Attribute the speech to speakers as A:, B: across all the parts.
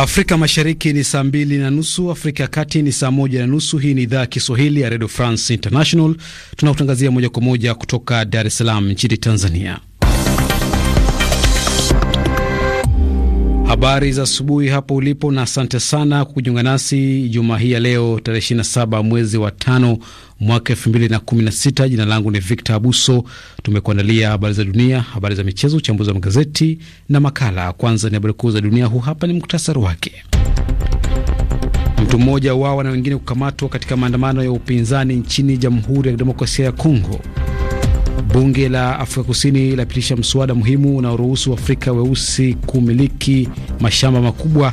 A: Afrika Mashariki ni saa mbili na nusu, Afrika ya Kati ni saa moja na nusu. Hii ni idhaa ya Kiswahili ya Redio France International, tunakutangazia moja kwa moja kutoka Dar es Salaam nchini Tanzania. Habari za asubuhi hapo ulipo, na asante sana kwa kujiunga nasi juma hii ya leo tarehe 27 mwezi wa tano mwaka sita. Jina langu ni Victor Abuso. Tumekuandalia habari za dunia, habari za michezo, uchambuzi wa magazeti na makala. Kwanza ni habari kuu za dunia, huu hapa ni muktasari wake. Mtu mmoja wawa na wengine kukamatwa katika maandamano ya upinzani nchini Jamhuri ya Kidemokrasia ya Kongo. Bunge la Afrika Kusini lapitisha mswada muhimu unaoruhusu Afrika weusi kumiliki mashamba makubwa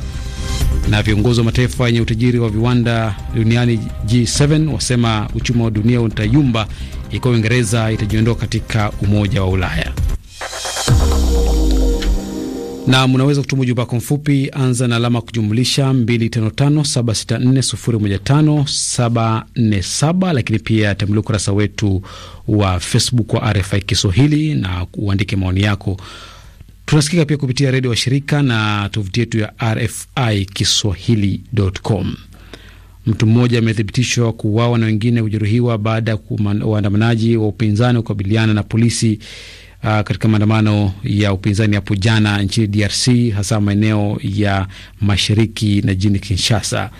A: na viongozi wa mataifa yenye utajiri wa viwanda duniani G7 wasema uchumi wa dunia utayumba ikiwa Uingereza itajiondoa katika Umoja wa Ulaya. Na mnaweza kutuma ujumbe wako mfupi, anza na alama kujumlisha 255764015747, lakini pia tembelea ukurasa wetu wa Facebook wa RFI Kiswahili na uandike maoni yako. Tunasikika pia kupitia redio washirika na tovuti yetu ya RFI Kiswahili.com. Mtu mmoja amethibitishwa kuuawa na wengine kujeruhiwa baada ya waandamanaji wa upinzani kukabiliana na polisi uh, katika maandamano ya upinzani hapo jana nchini DRC, hasa maeneo ya mashariki na jijini Kinshasa.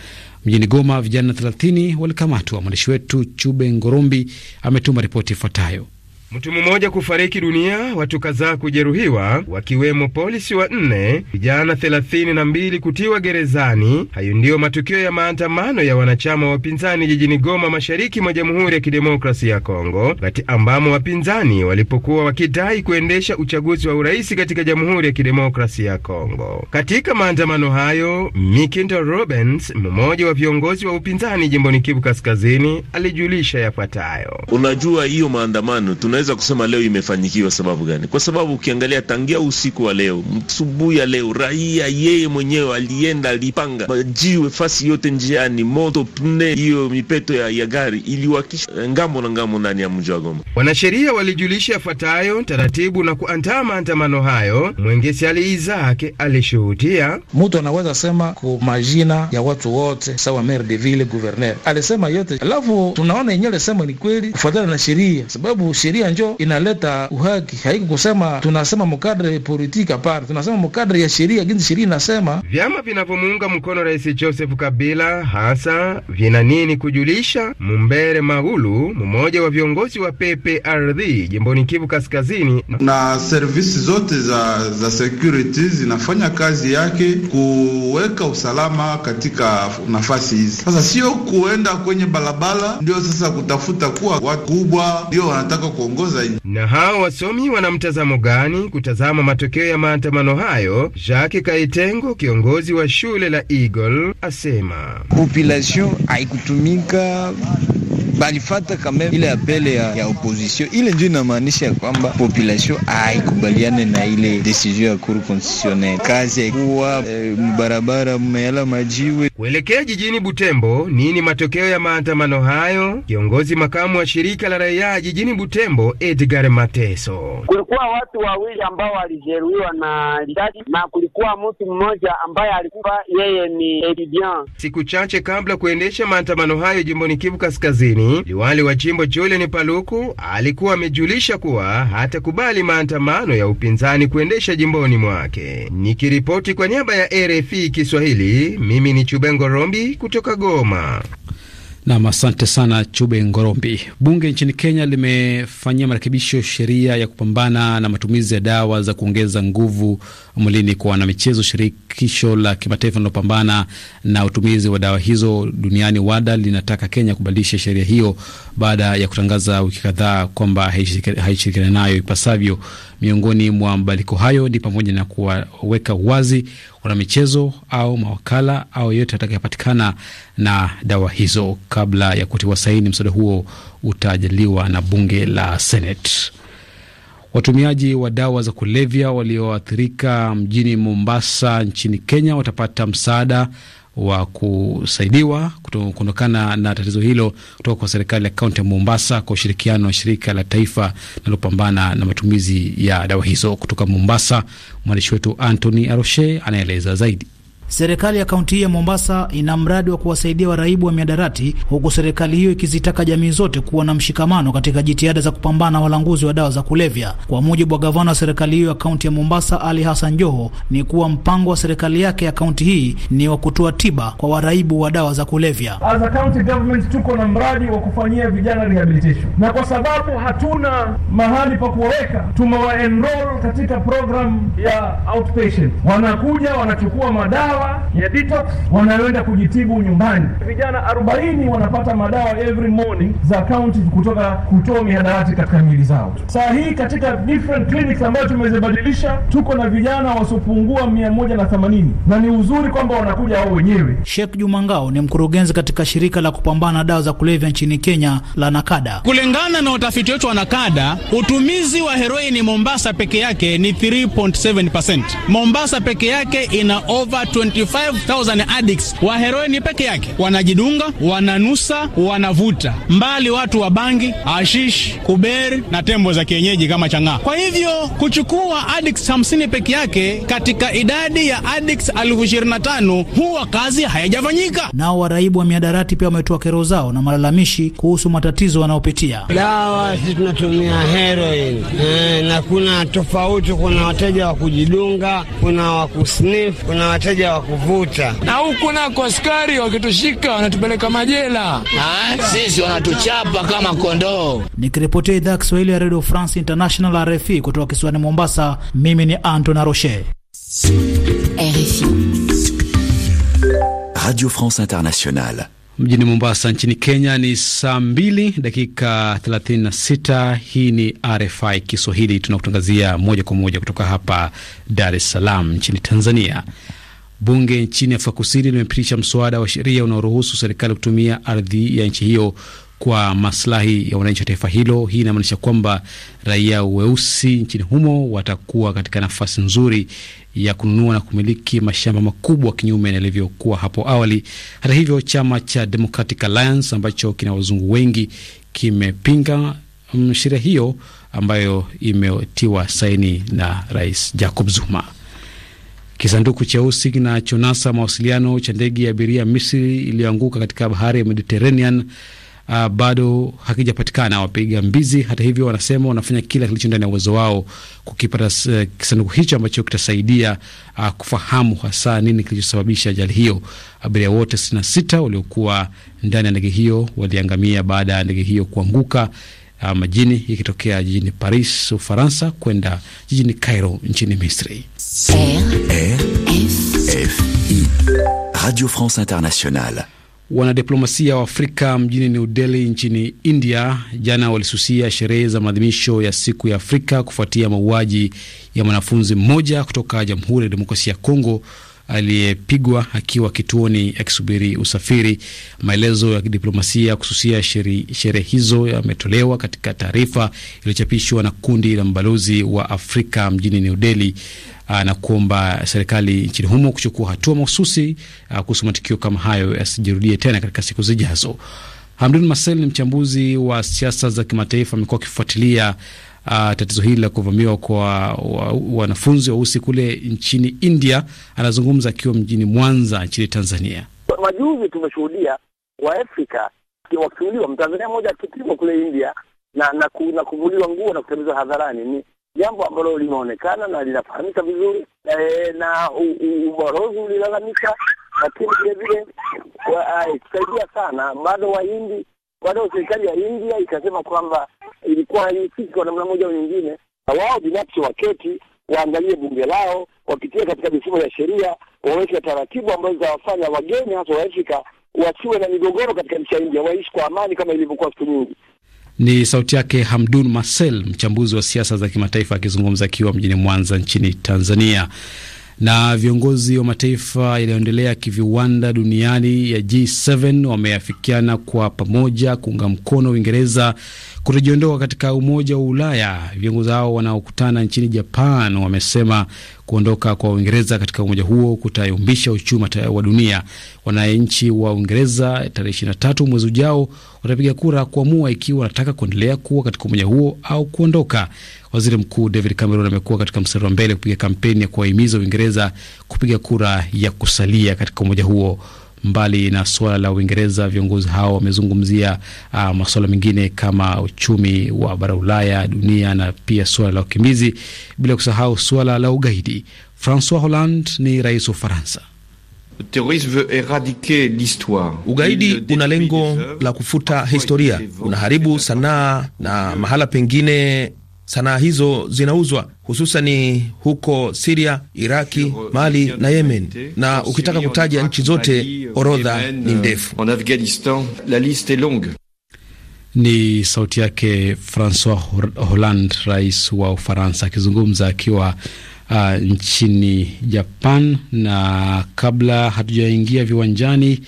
A: Mjini Goma, vijana 30 walikamatwa. Mwandishi wetu Chube Ngorombi ametuma ripoti ifuatayo.
B: Mtu
C: mmoja kufariki dunia, watu kadhaa kujeruhiwa, wakiwemo polisi wa nne vijana thelathini na mbili kutiwa gerezani. Hayo ndiyo matukio ya maandamano ya wanachama wa upinzani jijini Goma, mashariki mwa Jamhuri ya Kidemokrasia ya Kongo, wakati ambamo wapinzani walipokuwa wakidai kuendesha uchaguzi wa urais katika Jamhuri ya Kidemokrasia ya Kongo. Katika maandamano hayo, Mikindo Robens, mmoja wa viongozi wa upinzani jimboni Kivu Kaskazini, alijulisha yafuatayo:
D: unajua hiyo maandamano tuna unaweza kusema leo imefanyikiwa sababu gani? Kwa sababu ukiangalia tangia usiku wa leo, asubuhi ya leo, raia yeye mwenyewe alienda, alipanga majiwe fasi yote njiani, moto pne, hiyo mipeto ya, ya gari iliwakisha ngambo na ngambo ndani ya mji wa Goma.
C: Wanasheria walijulisha yafuatayo taratibu na kuandaa maandamano hayo. Mwengesi Ali Izake alishuhudia. Mtu anaweza sema ku majina ya watu wote, sawa maire de ville, gouverneur
A: alisema yote, alafu tunaona yenyewe alisema ni kweli kufuatana na sheria, sababu sheria ya njo inaleta uhaki, haiko kusema tunasema mukadre politika apana, tunasema mukadre ya sheria
E: ginzi sheria inasema.
C: Vyama vinavyomuunga mkono Rais Joseph Kabila hasa vina nini kujulisha? Mumbere Maulu, mmoja wa viongozi wa PPRD jimboni Kivu Kaskazini. Na servisi zote za, za security zinafanya kazi yake kuweka usalama katika nafasi hizi. Sasa sio kuenda kwenye balabala ndio sasa kutafuta kuwa kubwa ndio wanataka kuongoza kuongoza nchi. Na hao wasomi wana mtazamo gani kutazama matokeo ya maandamano hayo? Jacques Kaitengo, kiongozi wa shule la Eagle, asema population haikutumika balifata kame ile apele ya, ya opposition ile ndio inamaanisha ya kwamba population haikubaliane na ile decision ya kuru constitutionnel. Kazi haikuwa e, barabara mmeala majiwe kuelekea jijini Butembo. Nini matokeo ya maandamano hayo? Kiongozi makamu wa shirika la raia jijini Butembo, Edgar Mateso: kulikuwa watu wawili ambao walijeruhiwa na risasi na kulikuwa mtu mmoja ambaye alikuwa yeye ni etudiant. Siku chache kabla kuendesha maandamano hayo jimboni Kivu Kaskazini liwali wa jimbo Julian Paluku alikuwa amejulisha kuwa hatakubali maandamano ya upinzani kuendesha jimboni mwake. Nikiripoti kwa niaba ya RFI Kiswahili, mimi ni Chubengo Rombi kutoka Goma.
A: Nam, asante sana Chube Ngorombi. Bunge nchini Kenya limefanyia marekebisho sheria ya kupambana na matumizi ya dawa za kuongeza nguvu mwilini kwa wanamichezo. Shirikisho la kimataifa linalopambana na utumizi wa dawa hizo duniani, WADA, linataka Kenya kubadilisha sheria hiyo baada ya kutangaza wiki kadhaa kwamba haishirikiana nayo ipasavyo. Miongoni mwa mabadiliko hayo ni pamoja na kuwaweka wazi michezo au mawakala au yeyote atakayepatikana na dawa hizo. Kabla ya kutiwa saini, mswada huo utajadiliwa na bunge la Senate. Watumiaji wa dawa za kulevya walioathirika mjini Mombasa nchini Kenya watapata msaada wa kusaidiwa kuondokana na tatizo hilo kutoka kwa serikali ya kaunti ya Mombasa kwa ushirikiano wa shirika la taifa linalopambana na matumizi ya dawa hizo. Kutoka Mombasa, mwandishi wetu Anthony Aroshe anaeleza zaidi.
E: Serikali ya kaunti hii ya Mombasa ina mradi wa kuwasaidia waraibu wa miadarati, huku serikali hiyo ikizitaka jamii zote kuwa na mshikamano katika jitihada za kupambana na walanguzi wa dawa za kulevya. Kwa mujibu wa gavana wa serikali hiyo ya kaunti ya Mombasa, Ali Hassan Joho, ni kuwa mpango wa serikali yake ya kaunti hii ni wa kutoa tiba kwa waraibu wa dawa za kulevya. As a county
D: government, tuko na mradi wa kufanyia vijana rehabilitation, na kwa sababu hatuna mahali pa kuwaweka, tumewaenroll katika program ya outpatient. Wanakuja wanachukua madawa madawa ya detox wanayoenda kujitibu nyumbani. Vijana 40 wanapata madawa every morning za county kutoka kutoa mihadarati katika miili zao. Saa hii katika different clinics ambayo tumezibadilisha tuko na vijana wasiopungua 180
E: na ni uzuri kwamba wanakuja wao wenyewe. Sheikh Jumangao ni mkurugenzi katika shirika la kupambana na dawa za kulevya nchini Kenya la Nakada.
B: Kulingana na utafiti wetu wa Nakada, utumizi wa heroini Mombasa peke yake ni 3.7%. Mombasa peke yake ina over 20 25,000 addicts wa heroini peke yake wanajidunga, wananusa, wanavuta mbali watu wa bangi, ashish, kuberi na tembo za kienyeji
F: kama chang'aa.
E: Kwa hivyo kuchukua addicts 50 peke yake katika idadi ya addicts elfu huwa kazi hayajafanyika. Nao waraibu wa miadarati pia wametoa kero zao na malalamishi kuhusu matatizo wanaopitia.
B: Dawa sisi tunatumia heroin
C: e, na kuna tofauti, kuna wateja wa kujidunga, kuna wa kusniff, kuna wateja kuvuta, na huku nako askari wakitushika wanatupeleka majela,
E: sisi wanatuchapa kama kondoo. Nikiripotia idhaa ya Kiswahili ya Radio France International, RFI, kutoka kisiwani Mombasa, mimi ni Anton Roche, RFI,
G: Radio France Internationale. Mjini Mombasa
A: nchini Kenya ni saa 2 dakika 36. Hii ni RFI Kiswahili, tunakutangazia moja kwa moja kutoka hapa Dar es Salaam nchini Tanzania. Bunge nchini Afrika Kusini limepitisha mswada wa sheria unaoruhusu serikali kutumia ardhi ya nchi hiyo kwa maslahi ya wananchi wa taifa hilo. Hii inamaanisha kwamba raia weusi nchini humo watakuwa katika nafasi nzuri ya kununua na kumiliki mashamba makubwa kinyume na ilivyokuwa hapo awali. Hata hivyo, chama cha Democratic Alliance ambacho kina wazungu wengi kimepinga mm, sheria hiyo ambayo imetiwa saini na Rais Jacob Zuma. Kisanduku cheusi kinachonasa mawasiliano cha ndege ya abiria Misri iliyoanguka katika bahari ya Mediterranean uh, bado hakijapatikana. Wapiga mbizi hata hivyo, wanasema wanafanya kila kilicho ndani ya uwezo wao kukipata uh, kisanduku hicho ambacho kitasaidia uh, kufahamu hasa nini kilichosababisha ajali hiyo. Abiria wote 66 waliokuwa ndani ya ndege hiyo waliangamia baada ya ndege hiyo kuanguka uh, majini ikitokea jijini Paris, Ufaransa kwenda jijini Cairo nchini Misri. I.
G: Radio France Internationale.
A: Wanadiplomasia wa Afrika mjini New Delhi nchini India jana walisusia sherehe za maadhimisho ya siku ya Afrika kufuatia mauaji ya mwanafunzi mmoja kutoka Jamhuri ya Demokrasia ya Kongo aliyepigwa akiwa kituoni akisubiri usafiri. Maelezo ya kidiplomasia kususia sherehe hizo yametolewa katika taarifa iliyochapishwa na kundi la mabalozi wa Afrika mjini New Delhi. Ah, na kuomba serikali nchini humo kuchukua hatua mahususi ah, kuhusu matukio kama hayo yasijirudie tena katika siku zijazo. Hamdun Masel ni mchambuzi wa siasa za kimataifa, amekuwa akifuatilia uh, tatizo hili la kuvamiwa kwa wanafunzi wa, wa weusi kule nchini India. Anazungumza akiwa mjini Mwanza nchini Tanzania.
D: Majuzi tumeshuhudia Waafrika wakiuliwa, Mtanzania mmoja akipigwa kule India na na, ku, na kuvuliwa nguo na kutembezwa hadharani. Ni jambo ambalo linaonekana na linafahamika vizuri e, na ubalozi ulilalamika, lakini vile vile ah, ikusaidia sana. Bado Wahindi, bado serikali ya India ikasema kwamba ilikuwa haihusiki kwa namna moja au nyingine, na wao binafsi waketi waangalie bunge lao, wapitie katika mifumo ya sheria, waweke taratibu ambazo zitawafanya wageni hasa Waafrika wasiwe na migogoro katika nchi ya India, waishi kwa amani kama ilivyokuwa siku nyingi.
A: Ni sauti yake Hamdun Marcel, mchambuzi wa siasa za kimataifa akizungumza akiwa mjini Mwanza nchini Tanzania. Na viongozi wa mataifa yaliyoendelea kiviwanda duniani ya G7 wameafikiana kwa pamoja kuunga mkono Uingereza kutojiondoa katika Umoja wa Ulaya. Viongozi hao wanaokutana nchini Japan wamesema Kuondoka kwa Uingereza katika umoja huo kutayumbisha uchumi wa dunia. Wananchi wa Uingereza tarehe 23 mwezi ujao watapiga kura kuamua ikiwa wanataka kuendelea kuwa katika umoja huo au kuondoka. Waziri Mkuu David Cameron amekuwa katika mstari wa mbele kupiga kampeni ya kuwahimiza Uingereza kupiga kura ya kusalia katika umoja huo. Mbali na suala la Uingereza, viongozi hao wamezungumzia uh, masuala mengine kama uchumi wa bara Ulaya, dunia na pia suala la ukimbizi, bila kusahau suala la ugaidi. Francois Hollande ni rais
H: wa Ufaransa.
C: Ugaidi una lengo
H: la kufuta historia, unaharibu sanaa na mahala pengine sanaa hizo zinauzwa hususani huko Siria, Iraki, Mali na
C: Yemen, na ukitaka kutaja nchi zote orodha ni ndefu.
A: Ni sauti yake Francois Hollande, rais wa Ufaransa, akizungumza akiwa uh, nchini Japan. Na kabla hatujaingia viwanjani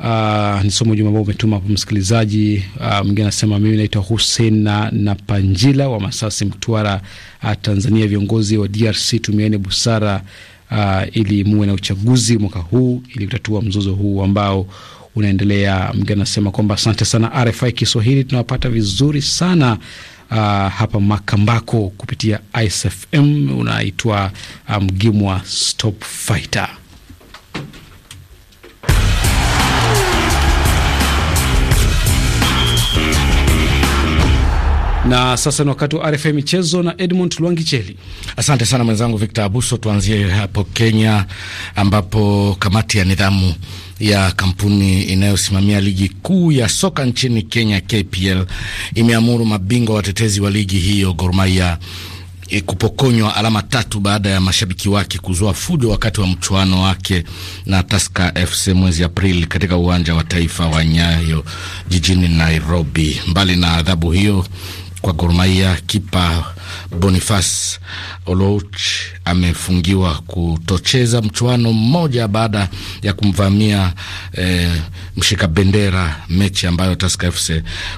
A: Uh, ah, nisome ujumbe ambao umetuma hapo msikilizaji uh, mwingine anasema, mimi naitwa Hussein na, na Panjila wa Masasi, Mtwara, uh, Tanzania. Viongozi wa DRC tumieni busara uh, ili muwe na uchaguzi mwaka huu ili kutatua mzozo huu ambao unaendelea. Mwingine anasema kwamba asante sana RFI Kiswahili, tunawapata vizuri sana uh, hapa Makambako kupitia ISFM, Unaitwa Mgimwa um, Stop Fighter. Na sasa ni wakati wa RFI
F: michezo na Edmund Lwangicheli. Asante sana mwenzangu Victor Abuso. Tuanzie hapo Kenya ambapo kamati ya nidhamu ya kampuni inayosimamia ligi kuu ya soka nchini Kenya KPL imeamuru mabingwa watetezi wa ligi hiyo Gor Mahia e, kupokonywa alama tatu baada ya mashabiki wake kuzua fujo wakati wa mchuano wake na Tusker FC mwezi Aprili katika uwanja wa taifa wa Nyayo jijini Nairobi. Mbali na adhabu hiyo, kwa Gor Mahia. Kipa Boniface Oluoch amefungiwa kutocheza mchuano mmoja baada ya kumvamia e, mshika bendera, mechi ambayo Tusker FC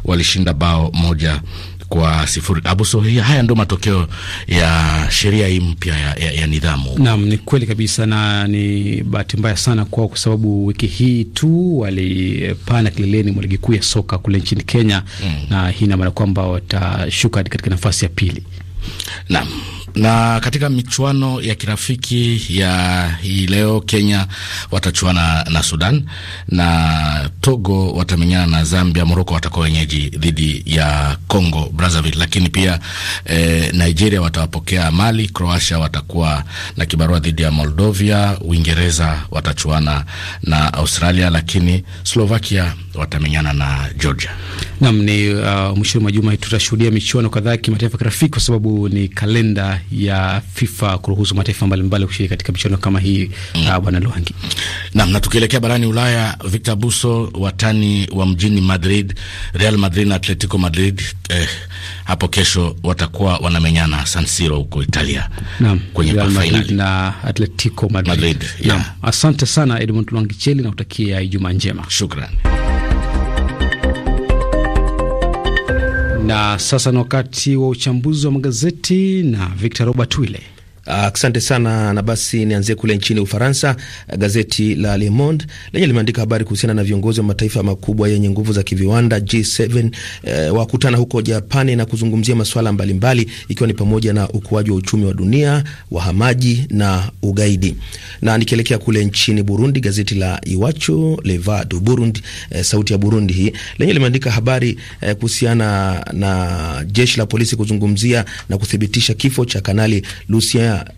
F: walishinda bao moja kwa sifuri. Abusohia, haya ndio matokeo ya sheria hii mpya ya, ya, ya nidhamu.
A: Naam, ni kweli kabisa, na ni bahati mbaya sana kwao, kwa sababu wiki hii tu walipanda kileleni mwa ligi kuu ya soka kule nchini Kenya mm. na hii ina maana kwamba watashuka katika nafasi ya pili.
F: Naam. Na katika michuano ya kirafiki ya hii leo, Kenya watachuana na Sudan na Togo watamenyana na Zambia. Moroko watakuwa wenyeji dhidi ya Congo Brazzaville, lakini pia eh, Nigeria watawapokea Mali. Croatia watakuwa na kibarua dhidi ya Moldovia. Uingereza watachuana na Australia, lakini Slovakia watamenyana na Georgia.
A: Nam ni uh, mwishoni mwa juma tutashuhudia michuano kadhaa ya kimataifa kirafiki kwa sababu ni kalenda ya FIFA kuruhusu mataifa mbalimbali kushiriki katika michuano kama hii
F: mm. Ah, bwana Luangi nam. Na tukielekea barani Ulaya, Victor Buso, watani wa mjini Madrid, Real Madrid na Atletico Madrid eh, hapo kesho watakuwa wanamenyana San Siro huko Italia nam, kwenye Real Madrid na Atletico Madrid, Madrid
G: yeah. Nam,
A: asante sana Edmond Lwangicheli na utakia Ijumaa njema, shukrani.
H: Na sasa ni wakati wa uchambuzi wa magazeti na Victor Robert wille Ah, asante uh, sana na basi, nianzie kule nchini Ufaransa. Eh, gazeti la Le Monde lenye limeandika habari kuhusiana na viongozi wa mataifa makubwa yenye nguvu za kiviwanda G7, uh, eh, wakutana huko Japani na kuzungumzia masuala mbalimbali ikiwa ni pamoja na ukuaji wa uchumi wa dunia, wahamaji na ugaidi. Na nikielekea kule nchini Burundi, gazeti la Iwachu Leva du Burundi, uh, sauti ya Burundi hii lenye limeandika habari uh, kuhusiana na jeshi la polisi kuzungumzia na kuthibitisha kifo cha Kanali Lucien yeah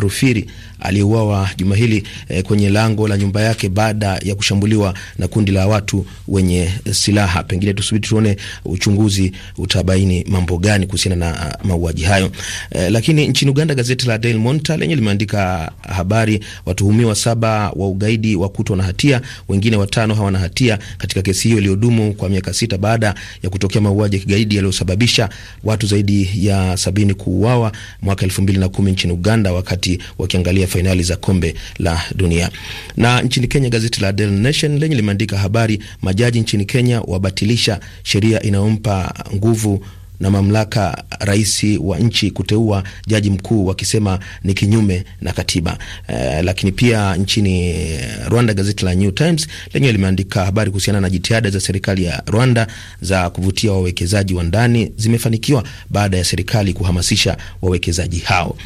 H: Rufiri aliyeuawa juma hili eh, kwenye lango la nyumba yake baada ya kushambuliwa na kundi la watu wenye silaha. Pengine tusubiri tuone uchunguzi utabaini mambo gani kuhusiana na ah, mauaji hayo. Eh, lakini nchini Uganda gazeti la Daily Monitor lenye limeandika habari watuhumiwa saba wa ugaidi wakutwa na hatia, wengine watano hawana hatia katika kesi hiyo iliyodumu kwa miaka sita baada ya kutokea mauaji ya kigaidi yaliyosababisha watu zaidi ya sabini kuuawa mwaka elfu mbili na kumi nchini Uganda wakati wakati wakiangalia fainali za kombe la dunia. Na nchini Kenya, gazeti la Daily Nation lenye limeandika habari majaji nchini Kenya wabatilisha sheria inayompa nguvu na mamlaka rais wa nchi kuteua jaji mkuu wakisema ni kinyume na katiba. E, lakini pia nchini Rwanda gazeti la New Times lenyewe limeandika habari kuhusiana na jitihada za serikali ya Rwanda za kuvutia wawekezaji wa ndani zimefanikiwa baada ya serikali kuhamasisha wawekezaji hao.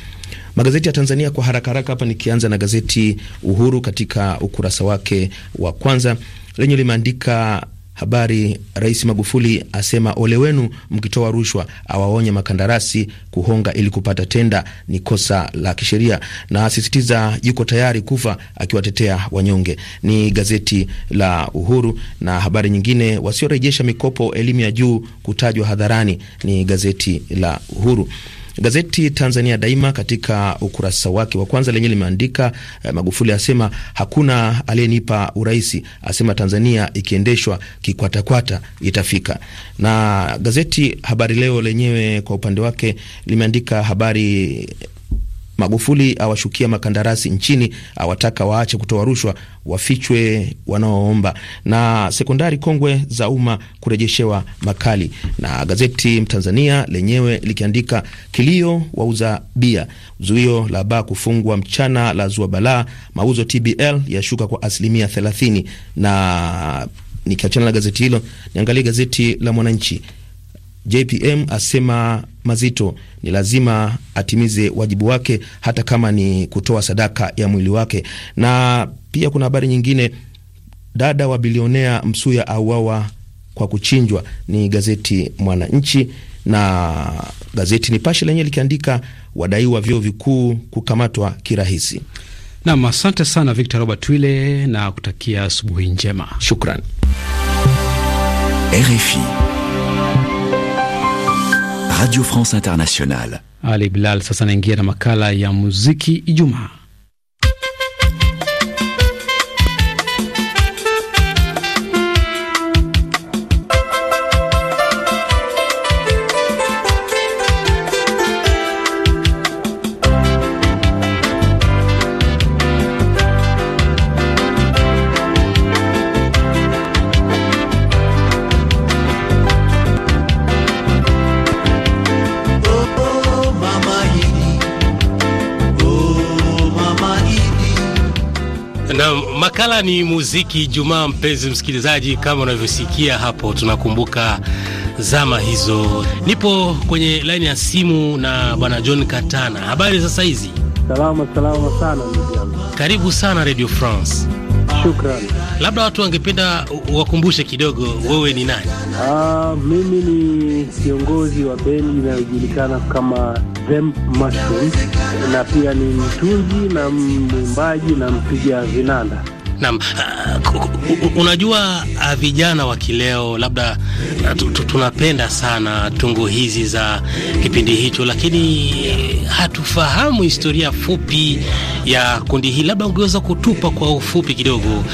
H: Magazeti ya Tanzania kwa haraka haraka hapa, nikianza na gazeti Uhuru katika ukurasa wake wa kwanza lenye limeandika habari Rais Magufuli asema ole wenu mkitoa rushwa, awaonya makandarasi kuhonga ili kupata tenda ni kosa la kisheria, na asisitiza yuko tayari kufa akiwatetea wanyonge. Ni gazeti la Uhuru. Na habari nyingine, wasiorejesha mikopo elimu ya juu kutajwa hadharani, ni gazeti la Uhuru. Gazeti Tanzania Daima katika ukurasa wake wa kwanza lenye limeandika eh, Magufuli asema hakuna aliyenipa uraisi, asema Tanzania ikiendeshwa kikwatakwata itafika. Na gazeti Habari Leo lenyewe kwa upande wake limeandika habari Magufuli awashukia makandarasi nchini, awataka waache kutoa rushwa, wafichwe wanaoomba, na sekondari kongwe za umma kurejeshewa makali. Na gazeti Mtanzania lenyewe likiandika kilio wauza bia, zuio la baa kufungwa mchana la zua balaa, mauzo TBL yashuka kwa asilimia 30. Na nikiachana na gazeti hilo, niangalie gazeti la Mwananchi. JPM asema mazito, ni lazima atimize wajibu wake, hata kama ni kutoa sadaka ya mwili wake. Na pia kuna habari nyingine, dada wa bilionea Msuya auawa kwa kuchinjwa, ni gazeti Mwananchi na gazeti Nipashe lenyewe likiandika wadaiwa vyuo vikuu kukamatwa kirahisi. Nam, asante
A: sana Victor Robert Wile na kutakia asubuhi njema, shukran.
G: RFI Radio France Internationale.
A: Ali Bilal sasa anaingia na makala ya muziki Ijumaa.
B: Makala ni muziki Jumaa. Mpenzi msikilizaji, kama unavyosikia hapo, tunakumbuka zama hizo. Nipo kwenye laini ya simu na bwana John Katana. Habari sasa hizi? Salama
D: salama sana ndugu
B: karibu sana Radio France. Shukrani. Labda watu wangependa wakumbushe kidogo, wewe ni nani?
D: Ah, mimi ni kiongozi wa bendi inayojulikana kama Them Mushroom na pia ni mtunzi na mwimbaji na mpiga vinanda. Naam, uh,
B: unajua uh, vijana wa kileo labda uh, tunapenda sana tungo hizi za kipindi hicho, lakini hatufahamu historia fupi ya kundi hili. Labda ungeweza kutupa kwa ufupi kidogo,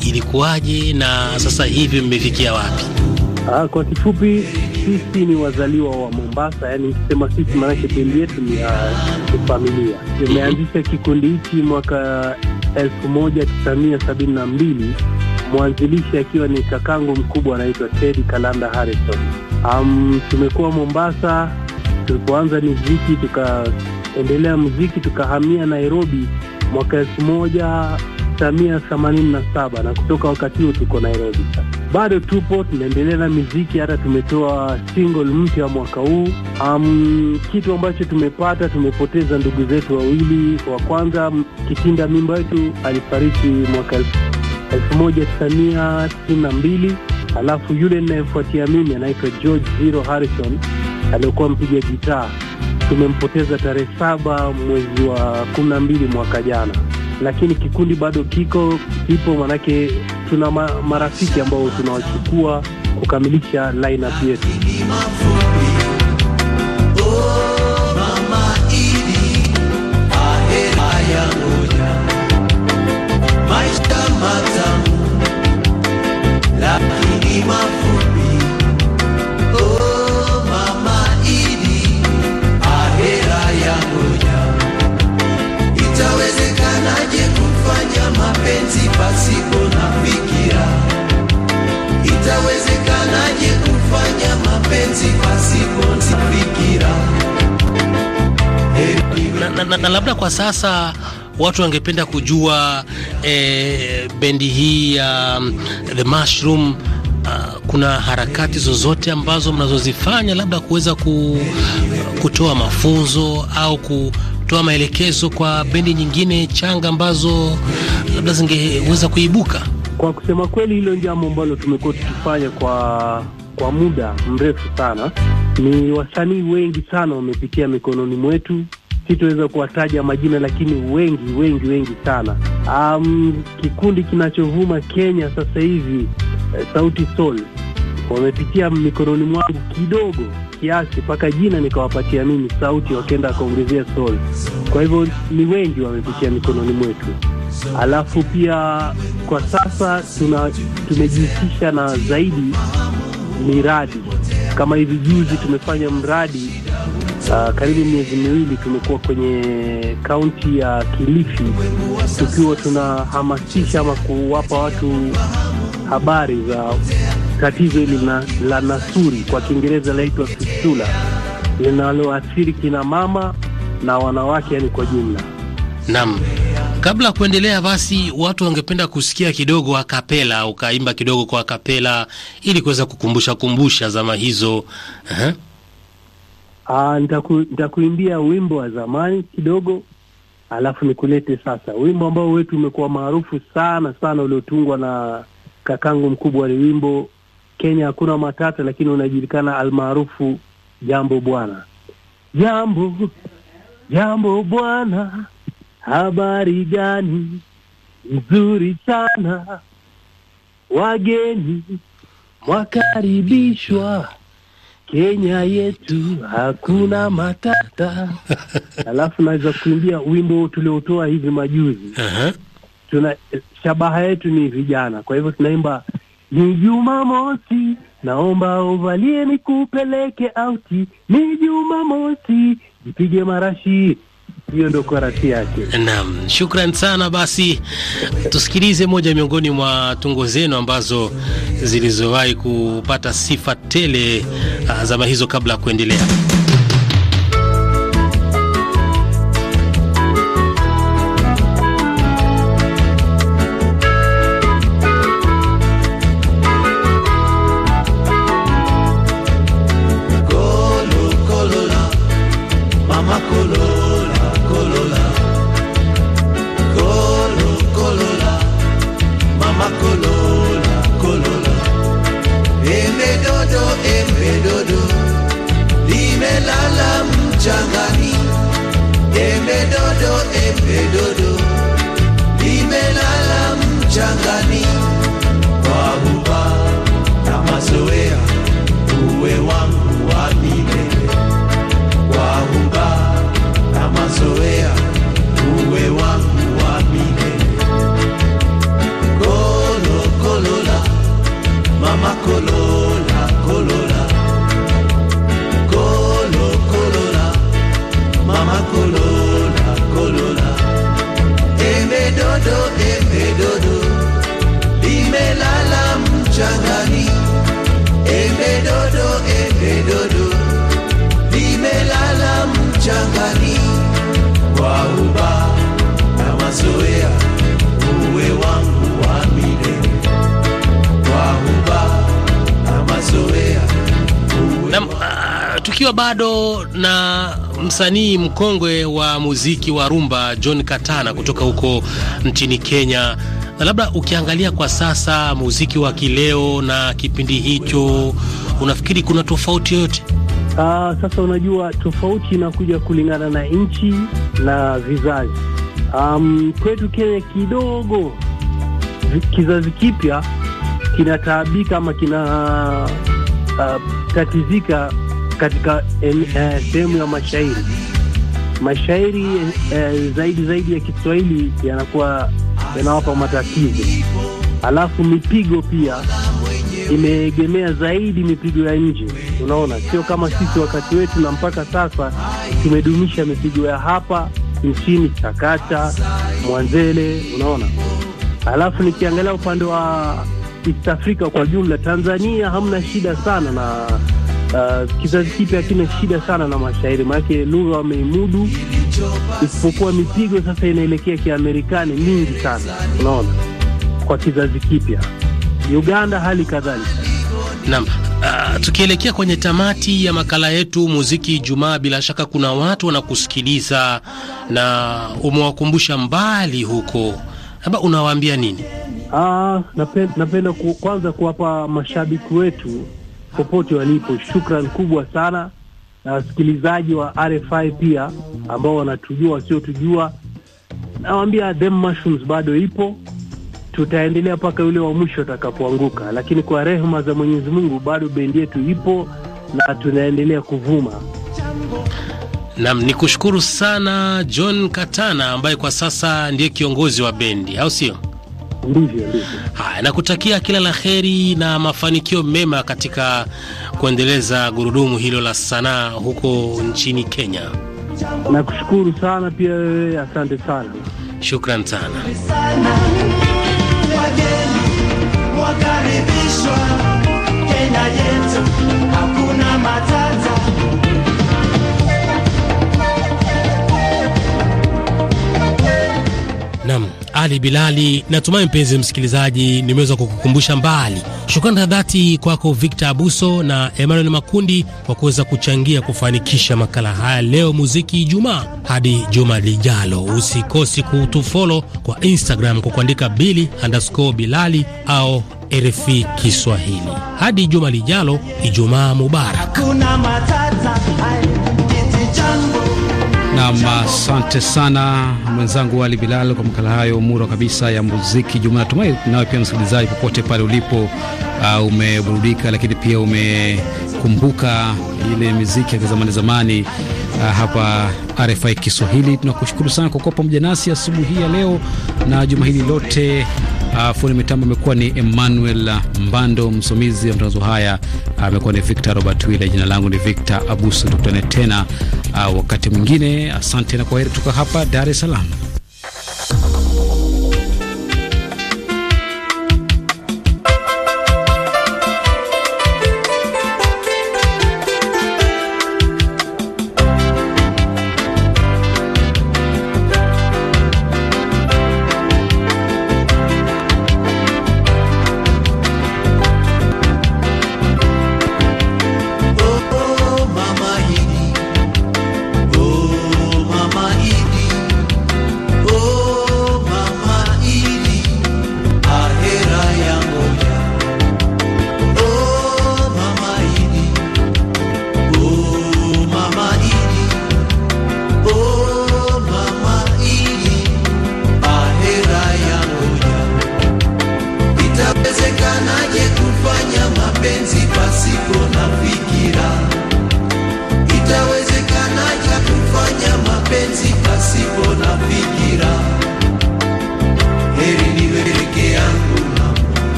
B: ilikuwaje na sasa hivi mmefikia wapi?
D: Ah, kwa kifupi sisi ni wazaliwa wa Mombasa, yani sema sisi, maanake bendi yetu ni uh, familia. Mm-hmm. Tumeanzisha kikundi hiki mwaka 1972 mwanzilishi akiwa ni kakangu mkubwa anaitwa Teddy Kalanda Harrison. Um, tumekuwa Mombasa, tulipoanza muziki tukaendelea muziki tukahamia Nairobi mwaka 1987 na kutoka wakati huo tuko Nairobi sasa. Bado tupo tunaendelea na miziki, hata tumetoa single mpya mwaka huu. Um, kitu ambacho tumepata, tumepoteza ndugu zetu wawili. Wa kwanza Kitinda mimba yetu alifariki mwaka mbili, alafu yule ninayefuatia mimi anaitwa George Zero Harrison aliyokuwa mpiga gitaa tumempoteza tarehe saba mwezi wa kumi na mbili mwaka jana lakini kikundi bado kiko kipo, manake tuna marafiki ambao tunawachukua kukamilisha lineup yetu.
B: na, na, na, na labda kwa sasa watu wangependa kujua eh, bendi hii ya um, The Mushroom Uh, kuna harakati zozote ambazo mnazozifanya labda kuweza ku, kutoa mafunzo au kutoa maelekezo kwa bendi nyingine changa ambazo labda zingeweza
D: kuibuka? Kwa kusema kweli, hilo jambo ambalo tumekuwa tukifanya kwa kwa muda mrefu sana. Ni wasanii wengi sana wamepitia mikononi mwetu sitoweza kuwataja majina, lakini wengi wengi wengi sana. Um, kikundi kinachovuma Kenya sasa hivi eh, Sauti Sol wamepitia mikononi mwangu kidogo kiasi mpaka jina nikawapatia mimi Sauti, wakaenda wakaongezea Sol. Kwa hivyo ni wengi wamepitia mikononi mwetu. Alafu pia kwa sasa tuna tumejihusisha na zaidi miradi kama hivi, juzi tumefanya mradi Uh, karibu miezi miwili tumekuwa kwenye kaunti ya Kilifi tukiwa tunahamasisha ama kuwapa watu habari za tatizo hili na, la nasuri kwa Kiingereza laitwa fistula linaloathiri kina mama na wanawake yani kwa jumla. Naam. Kabla ya kuendelea basi,
B: watu wangependa kusikia kidogo akapela, ukaimba kidogo kwa akapela ili kuweza kukumbusha kumbusha zama hizo. uh -huh.
D: Ah, nitakuimbia wimbo wa zamani kidogo, alafu nikulete sasa wimbo ambao wetu umekuwa maarufu sana sana, uliotungwa na kakangu mkubwa. Ni wimbo Kenya hakuna matata, lakini unajulikana almaarufu jambo bwana, jambo jambo bwana, habari gani? Nzuri sana, wageni mwakaribishwa Kenya yetu hakuna matata. Alafu naweza kuimbia wimbo tuliotoa hivi majuzi. uh -huh. Tuna shabaha yetu ni vijana, kwa hivyo tunaimba ni Jumamosi, naomba uvalie nikupeleke auti, ni Jumamosi, jipige marashi hiyo ndio karati yake. Naam, shukran sana. Basi
B: tusikilize moja miongoni mwa tungo zenu ambazo zilizowahi kupata sifa tele, azama ah, hizo, kabla ya kuendelea. tukiwa bado na msanii mkongwe wa muziki wa rumba John Katana kutoka huko nchini Kenya, na labda ukiangalia kwa sasa muziki wa kileo na kipindi hicho, unafikiri kuna
D: tofauti yoyote? Aa, ah, sasa unajua tofauti inakuja kulingana na nchi na vizazi. Um, kwetu Kenya kidogo kizazi kipya kinataabika ama kina uh, tatizika katika eh, sehemu ya mashairi. Mashairi eh, zaidi zaidi ya Kiswahili yanakuwa yanawapa matatizo, alafu mipigo pia imeegemea zaidi mipigo ya nje. Unaona, sio kama sisi wakati wetu na mpaka sasa tumedumisha mipigo ya hapa nchini, chakacha, mwanzele, unaona. Alafu nikiangalia upande wa East Africa kwa jumla, Tanzania hamna shida sana na Uh, kizazi kipya hakina shida sana na mashairi, maanake lugha wameimudu, isipokuwa mipigo sasa inaelekea kiamerikani mingi sana, unaona, kwa kizazi kipya. Uganda hali kadhalika. Naam.
B: Uh, tukielekea kwenye tamati ya makala yetu muziki Ijumaa, bila shaka kuna watu wanakusikiliza na umewakumbusha mbali huko, labda unawaambia nini?
D: Ah, napenda, napenda ku, kwanza kuwapa mashabiki wetu popote walipo. Shukran kubwa sana na wasikilizaji wa RFI pia ambao wanatujua, wasiotujua, nawaambia them mushrooms bado ipo, tutaendelea mpaka yule wa mwisho atakapoanguka, lakini kwa rehema za Mwenyezi Mungu bado bendi yetu ipo na tunaendelea kuvuma.
B: Nam ni kushukuru sana John Katana ambaye kwa sasa ndiye kiongozi wa bendi, au sio? Ndivyo, ndivyo. Haya, nakutakia kila la heri na mafanikio mema katika kuendeleza gurudumu hilo la sanaa huko nchini Kenya.
D: Nakushukuru sana pia wewe, asante sana.
B: Shukran sana.
G: Wageni wakaribishwa Kenya yetu, hakuna matata.
B: Ali Bilali. Natumai mpenzi msikilizaji, nimeweza kukukumbusha mbali. Shukrani za dhati kwako Victor Abuso na Emmanuel Makundi kwa kuweza kuchangia kufanikisha makala haya leo, muziki Ijumaa. Hadi juma lijalo, usikosi kutufolo kwa Instagram kwa kuandika bili underscore bilali au RFI Kiswahili. Hadi juma lijalo, Ijumaa mubarak.
A: Nam, asante sana mwenzangu Ali Bilal kwa makala hayo mura kabisa ya muziki Jumaa. Natumai nawe pia msikilizaji, popote pale ulipo, uh, umeburudika, lakini pia umekumbuka ile miziki ya zamani zamani. Uh, hapa RFI Kiswahili tunakushukuru sana kwa kuwa pamoja nasi asubuhi ya leo na juma hili lote Uh, fundi mitambo amekuwa ni Emmanuel Mbando, msimamizi wa matangazo haya ah, amekuwa uh, ni Victor Robert Wile. Jina langu ni Victor Abuso, tukutane tena uh, wakati mwingine. Asante na kwaheri kutoka hapa Dar es Salaam.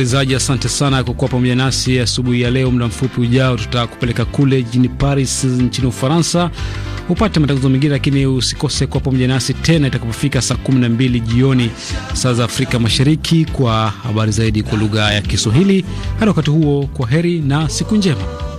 A: msikilizaji, asante sana kwa kuwa pamoja nasi asubuhi ya leo. Muda mfupi ujao, tutakupeleka kule jijini Paris nchini Ufaransa upate matangazo mengine, lakini usikose kuwa pamoja nasi tena itakapofika saa 12 jioni saa za Afrika Mashariki kwa habari zaidi kwa lugha ya Kiswahili. Hadi wakati huo, kwa heri na siku njema.